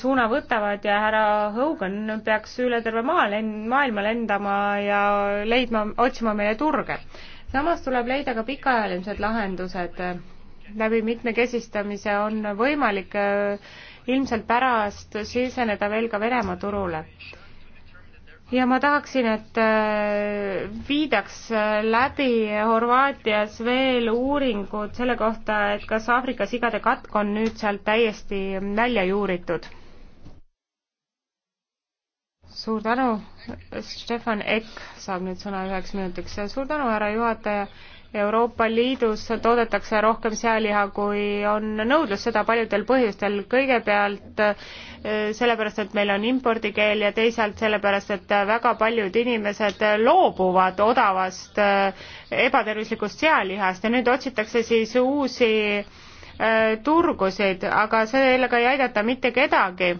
suuna võtavad ja härra Hogan peaks üle terve maa len-, maailma lendama ja leidma, otsima meie turge samas tuleb leida ka pikaajalised lahendused. läbi mitmekesistamise on võimalik äh, ilmselt pärast siseneda veel ka Venemaa turule. ja ma tahaksin, et äh, viidaks äh, läbi Horvaatias veel uuringud selle kohta, et kas Aafrika sigade katk on nüüd sealt täiesti välja juuritud suur tänu, Stefan Ekk saab nüüd sõna üheks minutiks. suur tänu, härra juhataja. Euroopa Liidus toodetakse rohkem sealiha, kui on nõudlus, seda paljudel põhjustel. kõigepealt eh, sellepärast, et meil on impordikeel ja teisalt sellepärast, et väga paljud inimesed loobuvad odavast eh, ebatervislikust sealihast ja nüüd otsitakse siis uusi eh, turgusid, aga sellega ei aidata mitte kedagi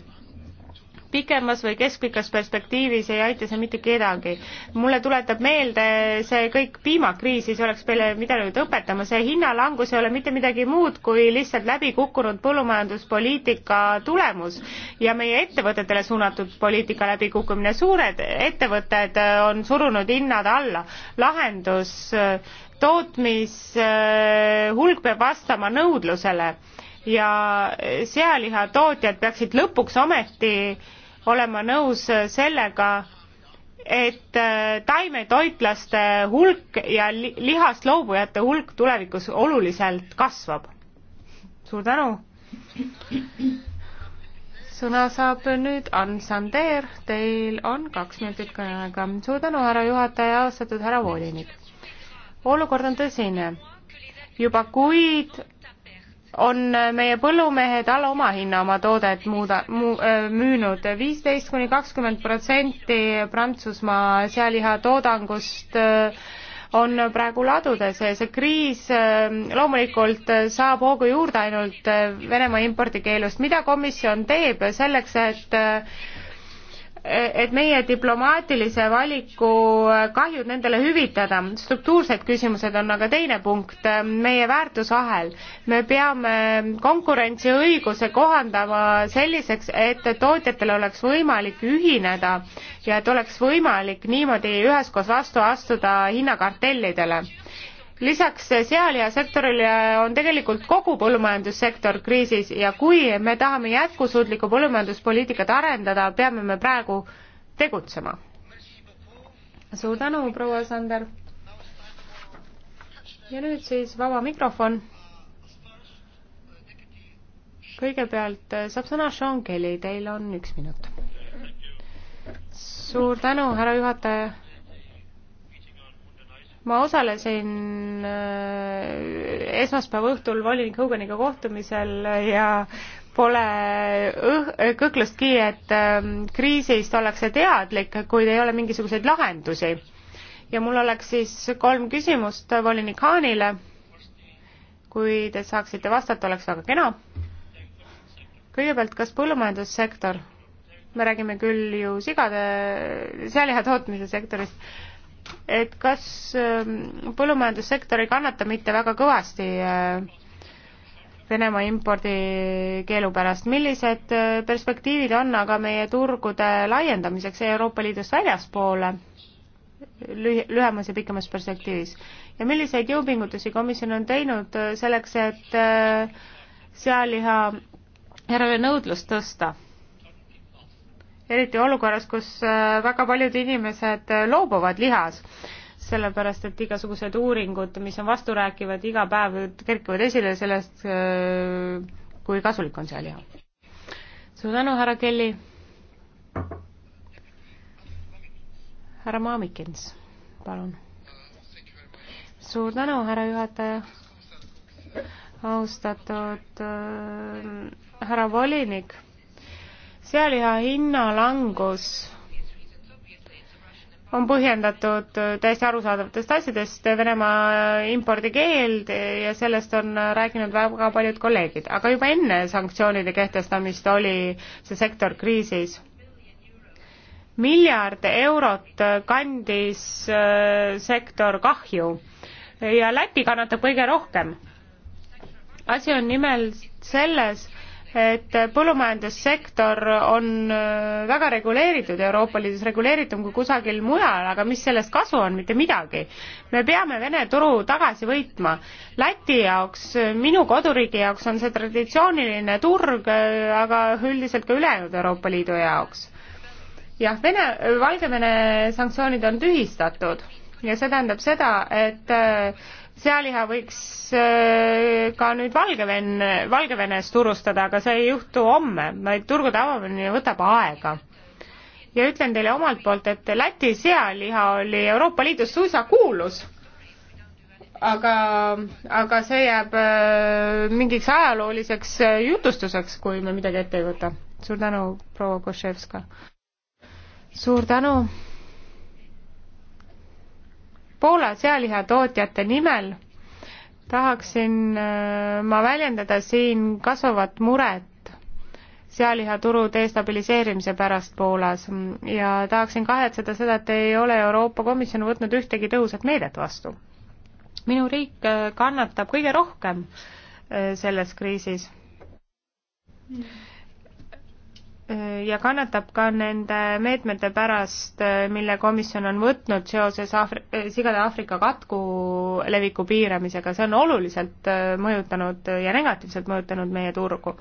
pikemas või keskpikas perspektiivis ei aita see mitte kedagi. mulle tuletab meelde see kõik piimakriisi, see oleks meile midagi õpetama, see hinnalangus ei ole mitte midagi muud kui lihtsalt läbikukkunud põllumajanduspoliitika tulemus ja meie ettevõtetele suunatud poliitika läbikukkumine. suured ettevõtted äh, on surunud hinnad alla. lahendus äh, tootmishulk äh, peab vastama nõudlusele ja sealihatootjad peaksid lõpuks ometi olema nõus äh, sellega, et äh, taimetoitlaste hulk ja lihast loobujate hulk tulevikus oluliselt kasvab. suur tänu! sõna saab nüüd Ann Sander, teil on kaks minutit kõneaega. suur tänu, härra juhataja, austatud härra volinik. olukord on tõsine. juba kuid on meie põllumehed alla omahinna oma toodet muuda, mu-, müünud. viisteist kuni kakskümmend protsenti Prantsusmaa sealiha toodangust on praegu ladudes ja see kriis loomulikult saab hoogu juurde ainult Venemaa impordikeelust. mida komisjon teeb selleks, et et meie diplomaatilise valiku kahjud nendele hüvitada. struktuursed küsimused on aga teine punkt, meie väärtusahel. me peame konkurentsiõiguse kohandama selliseks, et tootjatel oleks võimalik ühineda ja et oleks võimalik niimoodi üheskoos vastu astuda hinnakartellidele lisaks sealihasektorile on tegelikult kogu põllumajandussektor kriisis ja kui me tahame jätkusuutlikku põllumajanduspoliitikat arendada, peame me praegu tegutsema. suur tänu, proua Sander. ja nüüd siis vaba mikrofon. kõigepealt saab sõna Sean Kelly, teil on üks minut. suur tänu, härra juhataja ma osalesin äh, esmaspäeva õhtul volinik Hoganiga kohtumisel ja pole õh-, kõhklustki, et ähm, kriisist ollakse teadlik, kuid ei ole mingisuguseid lahendusi. ja mul oleks siis kolm küsimust volinik Haanile. kui te saaksite vastata, oleks väga kena. kõigepealt, kas põllumajandussektor, me räägime küll ju sigade, sealiha tootmise sektorist, et kas ähm, põllumajandussektor ei kannata mitte väga kõvasti äh, Venemaa impordikeelu pärast, millised äh, perspektiivid on aga meie turgude laiendamiseks Euroopa Liidust väljaspoole lüh-, lühemas ja pikemas perspektiivis? ja milliseid jõupingutusi komisjon on teinud äh, selleks, et sealiha järele nõudlust tõsta? eriti olukorras, kus äh, väga paljud inimesed äh, loobuvad lihas, sellepärast et igasugused uuringud, mis on vasturääkivad, iga päev kerkivad esile sellest, äh, kui kasulik on see liha. suur tänu, härra Kelly. härra Maamikens, palun. suur tänu, härra juhataja. austatud äh, härra volinik sealiha hinna langus on põhjendatud täiesti arusaadavatest asjadest, Venemaa impordikeeld ja sellest on rääkinud väga paljud kolleegid, aga juba enne sanktsioonide kehtestamist oli see sektor kriisis. miljard eurot kandis äh, sektor kahju ja Läti kannatab kõige rohkem. asi on nimelt selles, et põllumajandussektor on äh, väga reguleeritud Euroopa Liidus, reguleeritum kui kusagil mujal, aga mis sellest kasu on, mitte midagi. me peame Vene turu tagasi võitma. Läti jaoks, äh, minu koduriigi jaoks on see traditsiooniline turg, äh, aga üldiselt ka ülejäänud Euroopa Liidu jaoks. jah, Vene, Valgevene sanktsioonid on tühistatud ja see tähendab seda, et sealiha võiks äh, ka nüüd Valgevene, Valgevenes turustada, aga see ei juhtu homme, vaid turgude avamine võtab aega. ja ütlen teile omalt poolt, et Läti sealiha oli Euroopa Liidus suisa kuulus. aga, aga see jääb äh, mingiks ajalooliseks äh, jutustuseks, kui me midagi ette ei võta. suur tänu, proua Koševska. suur tänu Poola sealihatootjate nimel tahaksin äh, ma väljendada siin kasvavat muret sealihaturu destabiliseerimise pärast Poolas ja tahaksin kahetseda seda, et ei ole Euroopa Komisjon võtnud ühtegi tõhusat meedet vastu. minu riik äh, kannatab kõige rohkem äh, selles kriisis ja kannatab ka nende meetmete pärast, mille komisjon on võtnud seoses Afri-, sigade Aafrika katku leviku piiramisega, see on oluliselt äh, mõjutanud ja negatiivselt mõjutanud meie turgu.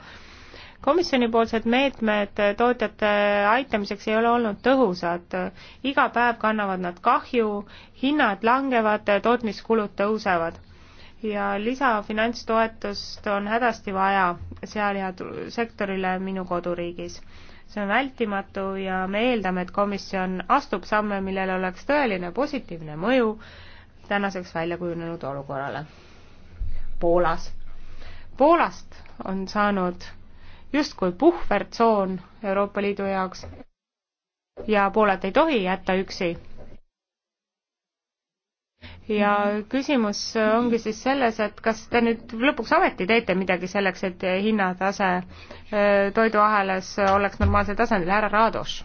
komisjonipoolsed meetmed tootjate aitamiseks ei ole olnud tõhusad, iga päev kannavad nad kahju, hinnad langevad, tootmiskulud tõusevad ja lisafinantstoetust on hädasti vaja seal ja sektorile minu koduriigis. see on vältimatu ja me eeldame, et komisjon astub samme, millel oleks tõeline positiivne mõju tänaseks välja kujunenud olukorrale. Poolas. Poolast on saanud justkui puhvertsoon Euroopa Liidu jaoks ja Poolat ei tohi jätta üksi ja küsimus ongi siis selles, et kas te nüüd lõpuks ometi teete midagi selleks, et hinnatase äh, toiduahelas oleks normaalsel tasandil, härra Raados?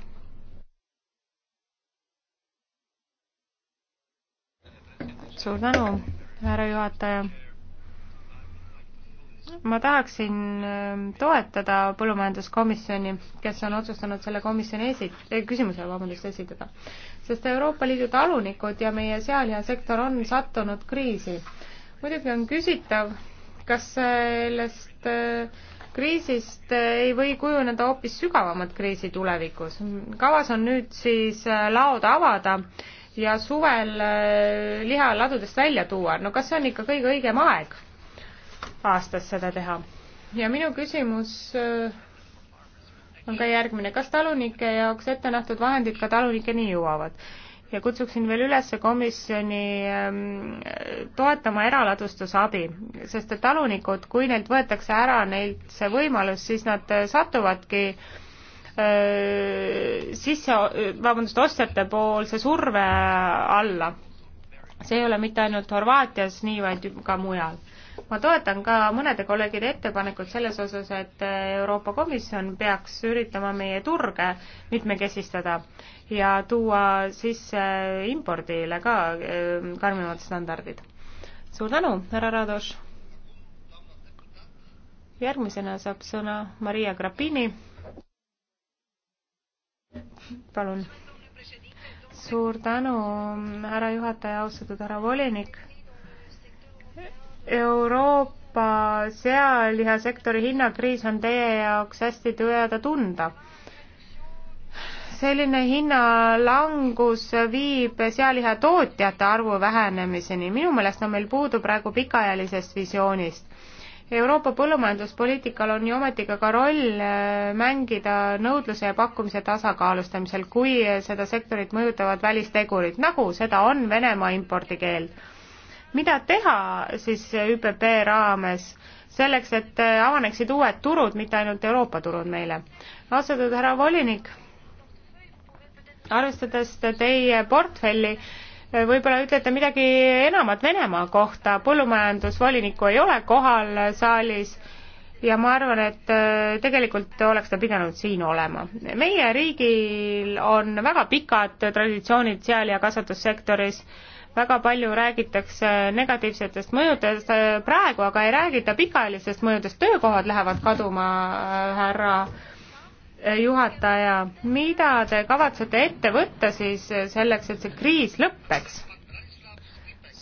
suur tänu, härra juhataja. ma tahaksin ähm, toetada põllumajanduskomisjoni, kes on otsustanud selle komisjoni esi-, äh, küsimuse, vabandust, esitada sest Euroopa Liidu talunikud ja meie sealihasektor on sattunud kriisi. muidugi on küsitav, kas sellest äh, kriisist äh, ei või kujuneda hoopis sügavamat kriisi tulevikus. kavas on nüüd siis äh, laod avada ja suvel liha ladudest välja tuua. no kas see on ikka kõige õigem aeg aastas seda teha? ja minu küsimus on ka järgmine. kas talunike jaoks ette nähtud vahendid ka talunikeni jõuavad? ja kutsuksin veel üles komisjoni ähm, toetama eraladustusabi, sest et talunikud, kui neilt võetakse ära neilt see võimalus, siis nad äh, satuvadki öö, äh, sisse, vabandust, ostjate poolse surve alla. see ei ole mitte ainult Horvaatias nii, vaid ka mujal ma toetan ka mõnede kolleegide ettepanekut selles osas, et Euroopa Komisjon peaks üritama meie turge mitmekesistada ja tuua sisse impordile ka eh, karmimad standardid. suur tänu, härra Radoš! järgmisena saab sõna Maria Grappini. palun. suur tänu, härra juhataja, austatud härra volinik Euroopa sealihasektori hinnakriis on teie jaoks hästi teada tunda. selline hinnalangus viib sealihatootjate arvu vähenemiseni. minu meelest on meil puudu praegu pikaajalisest visioonist Euroopa põllumajanduspoliitikal on ju ometigi ka roll äh, mängida nõudluse ja pakkumise tasakaalustamisel, kui äh, seda sektorit mõjutavad välistegurid, nagu seda on Venemaa impordikeeld mida teha siis ÜPP raames selleks, et avaneksid uued turud, mitte ainult Euroopa turud meile? austatud härra volinik, arvestades teie portfelli, võib-olla ütlete midagi enamat Venemaa kohta, põllumajandusvolinikku ei ole kohal saalis ja ma arvan, et äh, tegelikult oleks ta pidanud siin olema. meie riigil on väga pikad traditsioonid seal- ja kasvatussektoris väga palju räägitakse negatiivsetest mõjudest äh, praegu, aga ei räägita pikaajalistest mõjudest, töökohad lähevad kaduma, äh, härra äh, juhataja, mida te kavatsete ette võtta siis selleks, et see kriis lõpeks?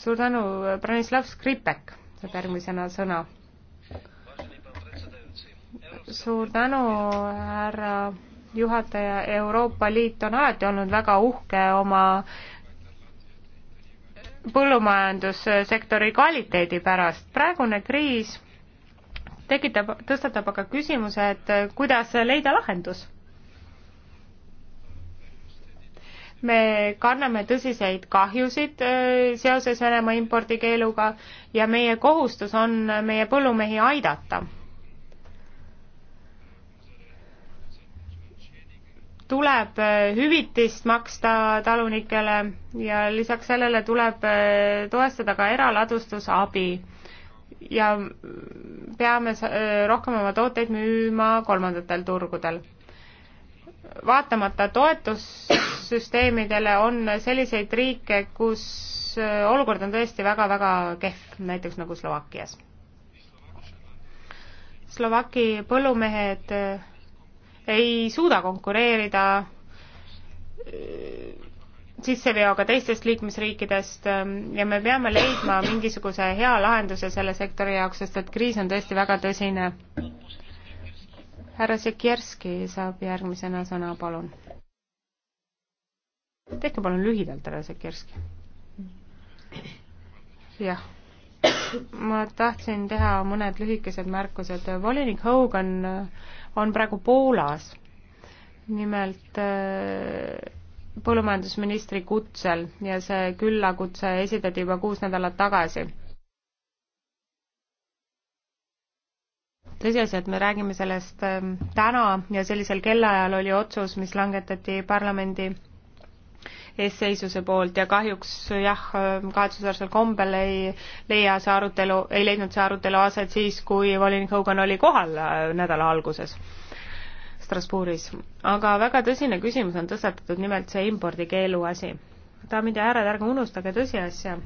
suur tänu, Branislav Skripek saab järgmisena sõna. suur tänu, härra juhataja, Euroopa Liit on alati olnud väga uhke oma äh, põllumajandussektori kvaliteedi pärast. praegune kriis tekitab, tõstatab aga küsimuse, et kuidas leida lahendus. me kanname tõsiseid kahjusid äh, seoses Venemaa impordikeeluga ja meie kohustus on meie põllumehi aidata tuleb äh, hüvitist maksta talunikele ja lisaks sellele tuleb äh, toestada ka eraladustusabi ja peame äh, rohkem oma tooteid müüma kolmandatel turgudel. vaatamata toetussüsteemidele on selliseid riike, kus olukord on tõesti väga-väga kehv, näiteks nagu Slovakkias. Slovaki põllumehed ei suuda konkureerida äh, sisseveoga teistest liikmesriikidest ähm, ja me peame leidma mingisuguse hea lahenduse selle sektori jaoks, sest et kriis on tõesti väga tõsine. härra Sikierski saab järgmisena sõna, palun. tehke palun lühidalt, härra Sikierski. jah ma tahtsin teha mõned lühikesed märkused. volinik Hogan on praegu Poolas. nimelt äh, põllumajandusministri kutsel ja see küllakutse esitati juba kuus nädalat tagasi. tõsiasi, et me räägime sellest ähm, täna ja sellisel kellaajal oli otsus, mis langetati parlamendi eesseisuse poolt ja kahjuks jah, kahetsusväärsel kombel ei leia see arutelu, ei leidnud see arutelu aset siis, kui volinik Hogan oli kohal äh, nädala alguses Strasbourgis. aga väga tõsine küsimus on tõstatatud, nimelt see impordikeelu asi. daamid ja härrad, ärge unustage tõsiasja,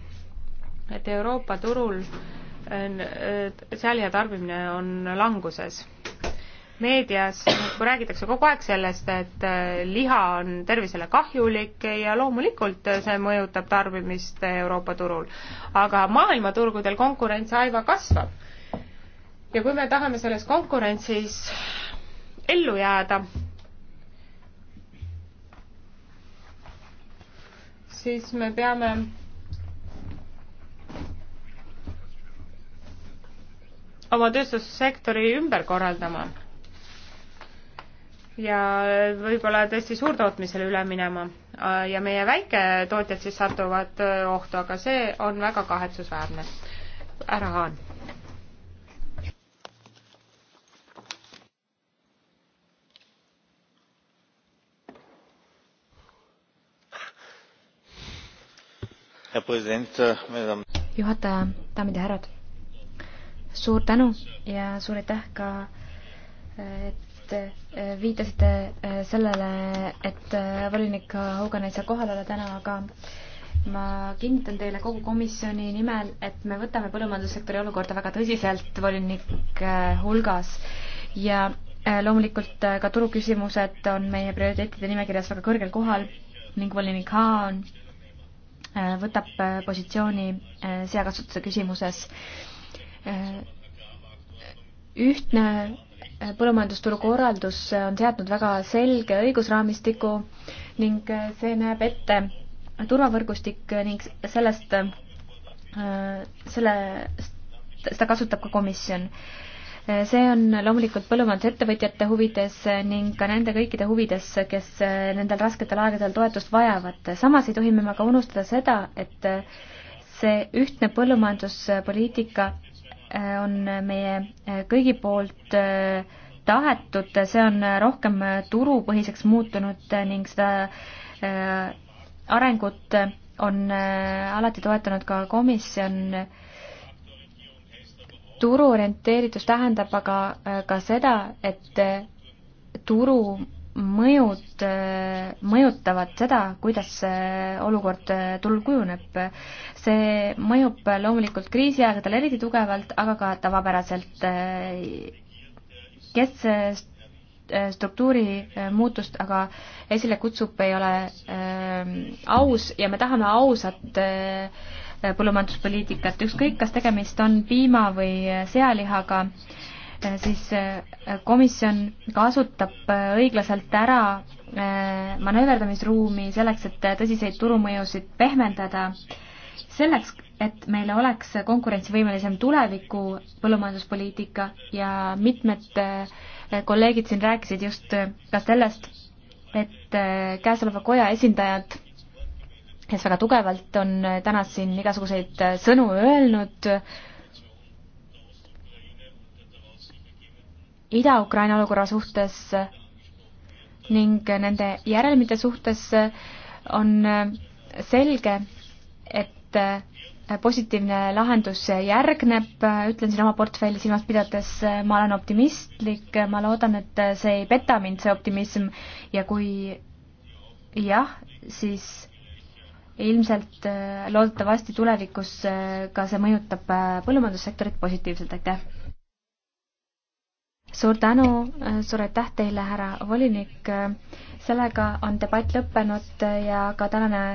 et Euroopa turul äh, äh, sälja tarbimine on languses meedias muudkui räägitakse kogu aeg sellest, et äh, liha on tervisele kahjulik ja loomulikult äh, see mõjutab tarbimist Euroopa turul. aga maailmaturgudel konkurents aiva kasvab. ja kui me tahame selles konkurentsis ellu jääda, siis me peame oma tööstussektori ümber korraldama ja võib-olla tõesti suurtootmisele üle minema. ja meie väiketootjad siis satuvad äh, ohtu, aga see on väga kahetsusväärne. härra Haan. Äh, juhataja, daamid ja härrad, suur tänu ja suur aitäh ka, et äh, Te äh, viitasite äh, sellele, et äh, volinik Haugan ei saa kohal olla täna, aga ma kinnitan teile kogu komisjoni nimel, et me võtame põllumajandussektori olukorda väga tõsiselt volinike hulgas ja loomulikult ka turuküsimused on meie prioriteetide nimekirjas väga kõrgel kohal ning volinik Haan võtab positsiooni seakasvatuse küsimuses. ühtne põllumajandusturu korraldus on seadnud väga selge õigusraamistiku ning see näeb ette turvavõrgustik ning sellest, selle, seda kasutab ka komisjon. see on loomulikult põllumajandusettevõtjate huvides ning ka nende kõikide huvides, kes nendel rasketel aegadel toetust vajavad. samas ei tohi me aga unustada seda, et see ühtne põllumajanduspoliitika on meie äh, kõigi poolt äh, tahetud, see on äh, rohkem turupõhiseks muutunud ning seda arengut on alati toetanud ka komisjon. turu orienteeritus tähendab aga ka seda, et turu mõjud mõjutavad seda, kuidas olukord äh, turul kujuneb. see mõjub loomulikult kriisiaegadel eriti tugevalt, aga ka tavapäraselt. Äh, kes äh, struktuuri muutust aga esile kutsub, ei ole aus ja me tahame ausat põllumajanduspoliitikat, ükskõik, kas tegemist on piima või sealihaga Äh, siis äh, komisjon kasutab äh, õiglaselt ära manööverdamisruumi selleks, et tõsiseid turumõjusid pehmendada, selleks, et meil oleks konkurentsivõimelisem tuleviku põllumajanduspoliitika ja mitmed kolleegid siin rääkisid just ka sellest, et käesoleva koja esindajad kes väga tugevalt on täna siin igasuguseid sõnu öelnud äh, Ida-Ukraina olukorra suhtes ning nende järelmite suhtes on selge, et positiivne lahendus järgneb, ütlen siin oma portfelli silmas pidades, ma olen optimistlik, ma loodan, et see ei peta mind, see optimism, ja kui jah, siis ilmselt loodetavasti tulevikus ka see mõjutab põllumajandussektorit positiivselt, aitäh! suur tänu, äh, suur aitäh teile, härra volinik. Äh, sellega on debatt lõppenud ja ka tänane